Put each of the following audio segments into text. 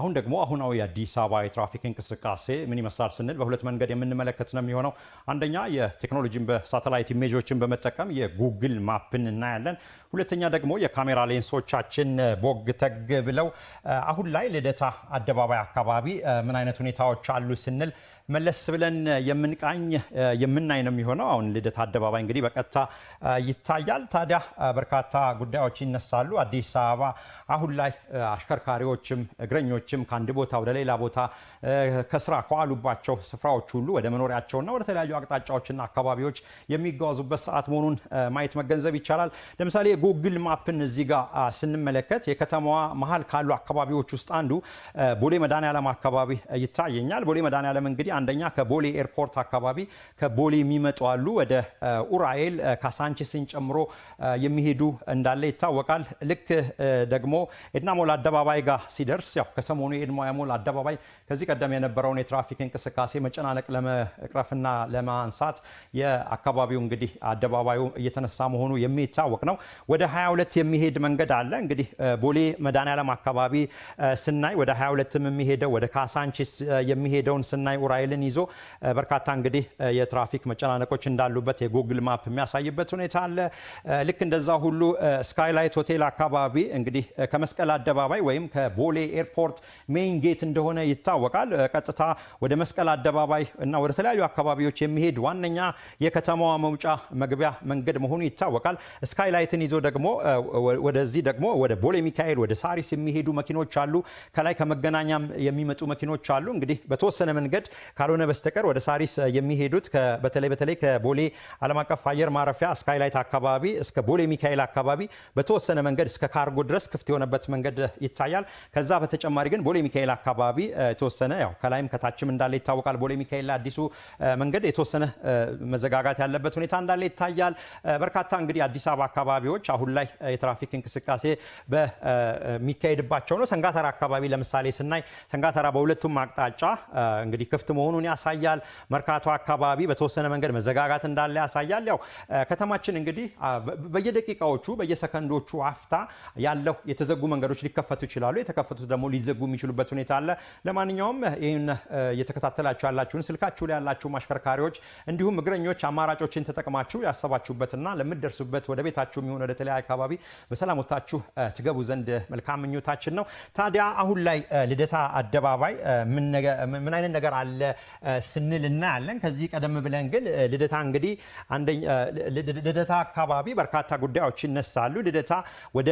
አሁን ደግሞ አሁናዊ የአዲስ አበባ የትራፊክ እንቅስቃሴ ምን ይመስላል ስንል በሁለት መንገድ የምንመለከት ነው የሚሆነው። አንደኛ የቴክኖሎጂን በሳተላይት ኢሜጆችን በመጠቀም የጉግል ማፕን እናያለን። ሁለተኛ ደግሞ የካሜራ ሌንሶቻችን ቦግ ተግ ብለው አሁን ላይ ልደታ አደባባይ አካባቢ ምን አይነት ሁኔታዎች አሉ ስንል መለስ ብለን የምንቃኝ የምናይ ነው የሚሆነው። አሁን ልደት አደባባይ እንግዲህ በቀጥታ ይታያል። ታዲያ በርካታ ጉዳዮች ይነሳሉ። አዲስ አበባ አሁን ላይ አሽከርካሪዎችም እግረኞችም ከአንድ ቦታ ወደ ሌላ ቦታ ከስራ ከዋሉባቸው ስፍራዎች ሁሉ ወደ መኖሪያቸውና ወደ ተለያዩ አቅጣጫዎችና አካባቢዎች የሚጓዙበት ሰዓት መሆኑን ማየት መገንዘብ ይቻላል። ለምሳሌ የጉግል ማፕን እዚህ ጋር ስንመለከት የከተማዋ መሀል ካሉ አካባቢዎች ውስጥ አንዱ ቦሌ መድኃኔዓለም አካባቢ ይታየኛል። ቦሌ መድኃኔዓለም እንግዲህ አንደኛ ከቦሌ ኤርፖርት አካባቢ ከቦሌ የሚመጡ አሉ ወደ ኡራኤል ካሳንቺስን ጨምሮ የሚሄዱ እንዳለ ይታወቃል። ልክ ደግሞ ሞል አደባባይ ጋር ሲደርስ ያው ከሰሞኑ ሞል አደባባይ ከዚህ ቀደም የነበረውን የትራፊክ እንቅስቃሴ መጨናነቅ ለመቅረፍና ለማንሳት የአካባቢው እንግዲህ አደባባዩ እየተነሳ መሆኑ የሚታወቅ ነው። ወደ 22 የሚሄድ መንገድ አለ እንግዲህ ቦሌ መድኃኔዓለም አካባቢ ስናይ ወደ 22 የሚሄደው ወደ ካሳንቺስ የሚሄደውን ስናይ ኡራኤል ኃይልን ይዞ በርካታ እንግዲህ የትራፊክ መጨናነቆች እንዳሉበት የጉግል ማፕ የሚያሳይበት ሁኔታ አለ። ልክ እንደዛ ሁሉ ስካይላይት ሆቴል አካባቢ እንግዲህ ከመስቀል አደባባይ ወይም ከቦሌ ኤርፖርት ሜይን ጌት እንደሆነ ይታወቃል። ቀጥታ ወደ መስቀል አደባባይ እና ወደ ተለያዩ አካባቢዎች የሚሄድ ዋነኛ የከተማዋ መውጫ መግቢያ መንገድ መሆኑ ይታወቃል። ስካይላይትን ይዞ ደግሞ ወደዚህ ደግሞ ወደ ቦሌ ሚካኤል፣ ወደ ሳሪስ የሚሄዱ መኪኖች አሉ። ከላይ ከመገናኛም የሚመጡ መኪኖች አሉ። እንግዲህ በተወሰነ መንገድ ካልሆነ በስተቀር ወደ ሳሪስ የሚሄዱት በተለይ በተለይ ከቦሌ ዓለም አቀፍ አየር ማረፊያ ስካይላይት አካባቢ እስከ ቦሌ ሚካኤል አካባቢ በተወሰነ መንገድ እስከ ካርጎ ድረስ ክፍት የሆነበት መንገድ ይታያል። ከዛ በተጨማሪ ግን ቦሌ ሚካኤል አካባቢ የተወሰነ ያው ከላይም ከታችም እንዳለ ይታወቃል። ቦሌ ሚካኤል አዲሱ መንገድ የተወሰነ መዘጋጋት ያለበት ሁኔታ እንዳለ ይታያል። በርካታ እንግዲህ አዲስ አበባ አካባቢዎች አሁን ላይ የትራፊክ እንቅስቃሴ በሚካሄድባቸው ነው። ሰንጋተራ አካባቢ ለምሳሌ ስናይ ሰንጋተራ በሁለቱም አቅጣጫ እንግዲህ ክፍት መሆኑን ያሳያል። መርካቶ አካባቢ በተወሰነ መንገድ መዘጋጋት እንዳለ ያሳያል። ያው ከተማችን እንግዲህ በየደቂቃዎቹ በየሰከንዶቹ አፍታ ያለው የተዘጉ መንገዶች ሊከፈቱ ይችላሉ፣ የተከፈቱት ደግሞ ሊዘጉ የሚችሉበት ሁኔታ አለ። ለማንኛውም ይህን እየተከታተላችሁ ያላችሁን ስልካችሁ ላይ ያላችሁ አሽከርካሪዎች፣ እንዲሁም እግረኞች አማራጮችን ተጠቅማችሁ ያሰባችሁበትና ለምትደርሱበት ወደ ቤታችሁ የሚሆን ወደ ተለያዩ አካባቢ በሰላም ወታችሁ ትገቡ ዘንድ መልካም ምኞታችን ነው። ታዲያ አሁን ላይ ልደታ አደባባይ ምን አይነት ነገር አለ ስንል እናያለን። ከዚህ ቀደም ብለን ግን ልደታ እንግዲህ ልደታ አካባቢ በርካታ ጉዳዮች ይነሳሉ። ልደታ ወደ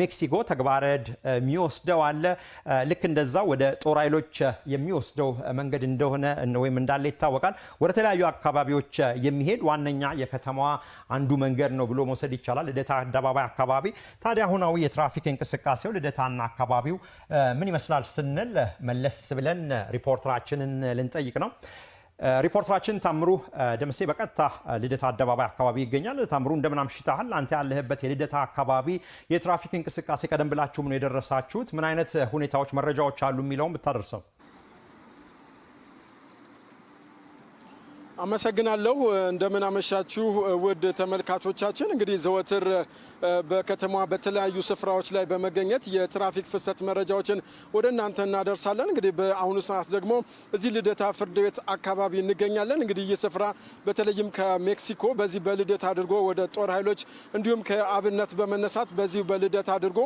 ሜክሲኮ ተግባረድ የሚወስደው አለ። ልክ እንደዛው ወደ ጦር ኃይሎች የሚወስደው መንገድ እንደሆነ ወይም እንዳለ ይታወቃል። ወደ ተለያዩ አካባቢዎች የሚሄድ ዋነኛ የከተማዋ አንዱ መንገድ ነው ብሎ መውሰድ ይቻላል። ልደታ አደባባይ አካባቢ ታዲያ አሁናዊ የትራፊክ እንቅስቃሴው ልደታና አካባቢው ምን ይመስላል ስንል መለስ ብለን ሪፖርተራችንን ልንጠ የሚጠይቅ ነው። ሪፖርተራችን ታምሩ ደምሴ በቀጥታ ልደታ አደባባይ አካባቢ ይገኛል። ታምሩ እንደምን አምሽተሃል? አንተ ያለህበት የልደታ አካባቢ የትራፊክ እንቅስቃሴ ቀደም ብላችሁም ነው የደረሳችሁት። ምን አይነት ሁኔታዎች መረጃዎች አሉ የሚለውም ብታደርሰው አመሰግናለሁ። እንደምን አመሻችሁ ውድ ተመልካቾቻችን። እንግዲህ ዘወትር በከተማ በተለያዩ ስፍራዎች ላይ በመገኘት የትራፊክ ፍሰት መረጃዎችን ወደ እናንተ እናደርሳለን። እንግዲህ በአሁኑ ሰዓት ደግሞ እዚህ ልደታ ፍርድ ቤት አካባቢ እንገኛለን። እንግዲህ ይህ ስፍራ በተለይም ከሜክሲኮ በዚህ በልደት አድርጎ ወደ ጦር ኃይሎች እንዲሁም ከአብነት በመነሳት በዚህ በልደት አድርጎ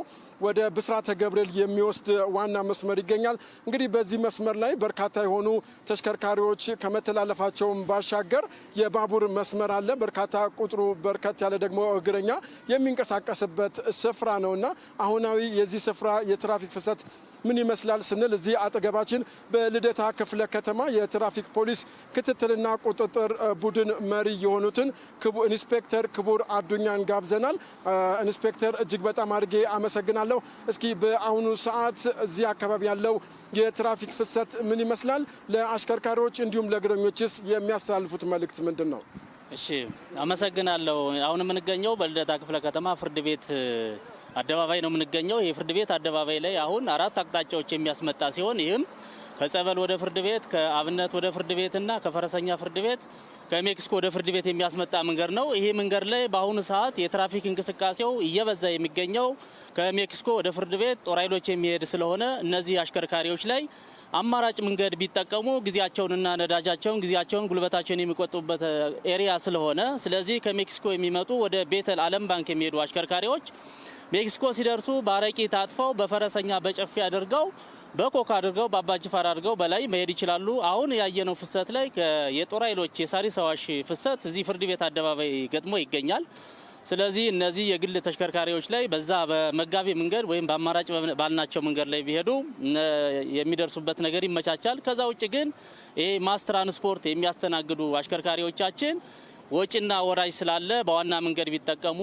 ወደ ብስራተ ገብርኤል የሚወስድ ዋና መስመር ይገኛል። እንግዲህ በዚህ መስመር ላይ በርካታ የሆኑ ተሽከርካሪዎች ከመተላለፋቸውም ባሻገር የባቡር መስመር አለ። በርካታ ቁጥሩ በርከት ያለ ደግሞ እግረኛ የሚንቀሳቀስበት ስፍራ ነውና አሁናዊ የዚህ ስፍራ የትራፊክ ፍሰት ምን ይመስላል ስንል እዚህ አጠገባችን በልደታ ክፍለ ከተማ የትራፊክ ፖሊስ ክትትልና ቁጥጥር ቡድን መሪ የሆኑትን ኢንስፔክተር ክቡር አዱኛን ጋብዘናል። ኢንስፔክተር እጅግ በጣም አድርጌ አመሰግናለሁ። እስኪ በአሁኑ ሰዓት እዚህ አካባቢ ያለው የትራፊክ ፍሰት ምን ይመስላል? ለአሽከርካሪዎች እንዲሁም ለእግረኞችስ የሚያስተላልፉት መልእክት ምንድን ነው? እሺ አመሰግናለሁ። አሁን የምንገኘው በልደታ ክፍለ ከተማ ፍርድ ቤት አደባባይ ነው የምንገኘው። የፍርድ ቤት አደባባይ ላይ አሁን አራት አቅጣጫዎች የሚያስመጣ ሲሆን ይህም ከጸበል ወደ ፍርድ ቤት፣ ከአብነት ወደ ፍርድ ቤትና ከፈረሰኛ ፍርድ ቤት ከሜክሲኮ ወደ ፍርድ ቤት የሚያስመጣ መንገድ ነው። ይህ መንገድ ላይ በአሁኑ ሰዓት የትራፊክ እንቅስቃሴው እየበዛ የሚገኘው ከሜክሲኮ ወደ ፍርድ ቤት ጦር ኃይሎች የሚሄድ ስለሆነ እነዚህ አሽከርካሪዎች ላይ አማራጭ መንገድ ቢጠቀሙ ጊዜያቸውንና ነዳጃቸውን ጊዜያቸውን ጉልበታቸውን የሚቆጡበት ኤሪያ ስለሆነ ስለዚህ ከሜክሲኮ የሚመጡ ወደ ቤተል አለም ባንክ የሚሄዱ አሽከርካሪዎች ሜክሲኮ ሲደርሱ በአረቂ ታጥፈው በፈረሰኛ በጨፌ አድርገው በኮካ አድርገው በአባጅፋር አድርገው በላይ መሄድ ይችላሉ። አሁን ያየነው ፍሰት ላይ የጦር ኃይሎች የሳሪስ አዋሽ ፍሰት እዚህ ፍርድ ቤት አደባባይ ገጥሞ ይገኛል። ስለዚህ እነዚህ የግል ተሽከርካሪዎች ላይ በዛ በመጋቢ መንገድ ወይም በአማራጭ ባልናቸው መንገድ ላይ ቢሄዱ የሚደርሱበት ነገር ይመቻቻል። ከዛ ውጭ ግን ይሄ ማስ ትራንስፖርት የሚያስተናግዱ አሽከርካሪዎቻችን ወጪና ወራጅ ስላለ በዋና መንገድ ቢጠቀሙ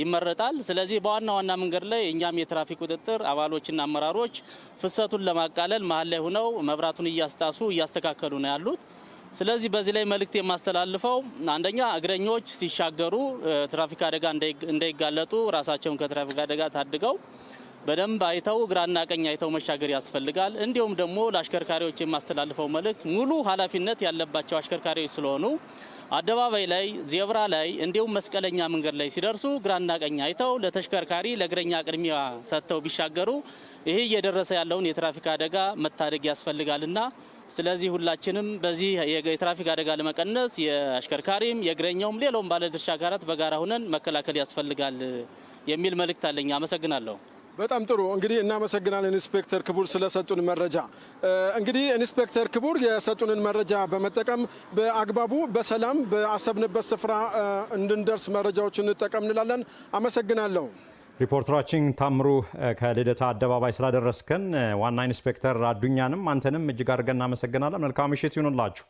ይመረጣል። ስለዚህ በዋና ዋና መንገድ ላይ እኛም የትራፊክ ቁጥጥር አባሎችና አመራሮች ፍሰቱን ለማቃለል መሀል ላይ ሆነው መብራቱን እያስጣሱ እያስተካከሉ ነው ያሉት። ስለዚህ በዚህ ላይ መልእክት የማስተላልፈው አንደኛ እግረኞች ሲሻገሩ ትራፊክ አደጋ እንዳይጋለጡ ራሳቸውን ከትራፊክ አደጋ ታድገው በደንብ አይተው ግራና ቀኝ አይተው መሻገር ያስፈልጋል። እንዲሁም ደግሞ ለአሽከርካሪዎች የማስተላልፈው መልእክት ሙሉ ኃላፊነት ያለባቸው አሽከርካሪዎች ስለሆኑ አደባባይ ላይ፣ ዜብራ ላይ እንዲሁም መስቀለኛ መንገድ ላይ ሲደርሱ ግራና ቀኝ አይተው ለተሽከርካሪ ለእግረኛ ቅድሚያ ሰጥተው ቢሻገሩ ይህ እየደረሰ ያለውን የትራፊክ አደጋ መታደግ ያስፈልጋልና ስለዚህ ሁላችንም በዚህ የትራፊክ አደጋ ለመቀነስ የአሽከርካሪም የእግረኛውም ሌላውም ባለድርሻ አካላት በጋራ ሁነን መከላከል ያስፈልጋል የሚል መልእክት አለኝ። አመሰግናለሁ። በጣም ጥሩ እንግዲህ እናመሰግናለን ኢንስፔክተር ክቡር ስለሰጡን መረጃ። እንግዲህ ኢንስፔክተር ክቡር የሰጡንን መረጃ በመጠቀም በአግባቡ በሰላም በአሰብንበት ስፍራ እንድንደርስ መረጃዎችን እንጠቀም እንላለን። አመሰግናለሁ። ሪፖርተራችን ታምሩ ከልደታ አደባባይ ስላደረስከን ዋና ኢንስፔክተር አዱኛንም አንተንም እጅግ አድርገን እናመሰግናለን። መልካም ምሽት ይሁንላችሁ።